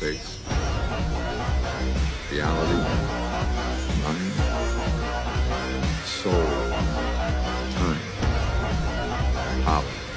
space, reality, mind, soul, time, power.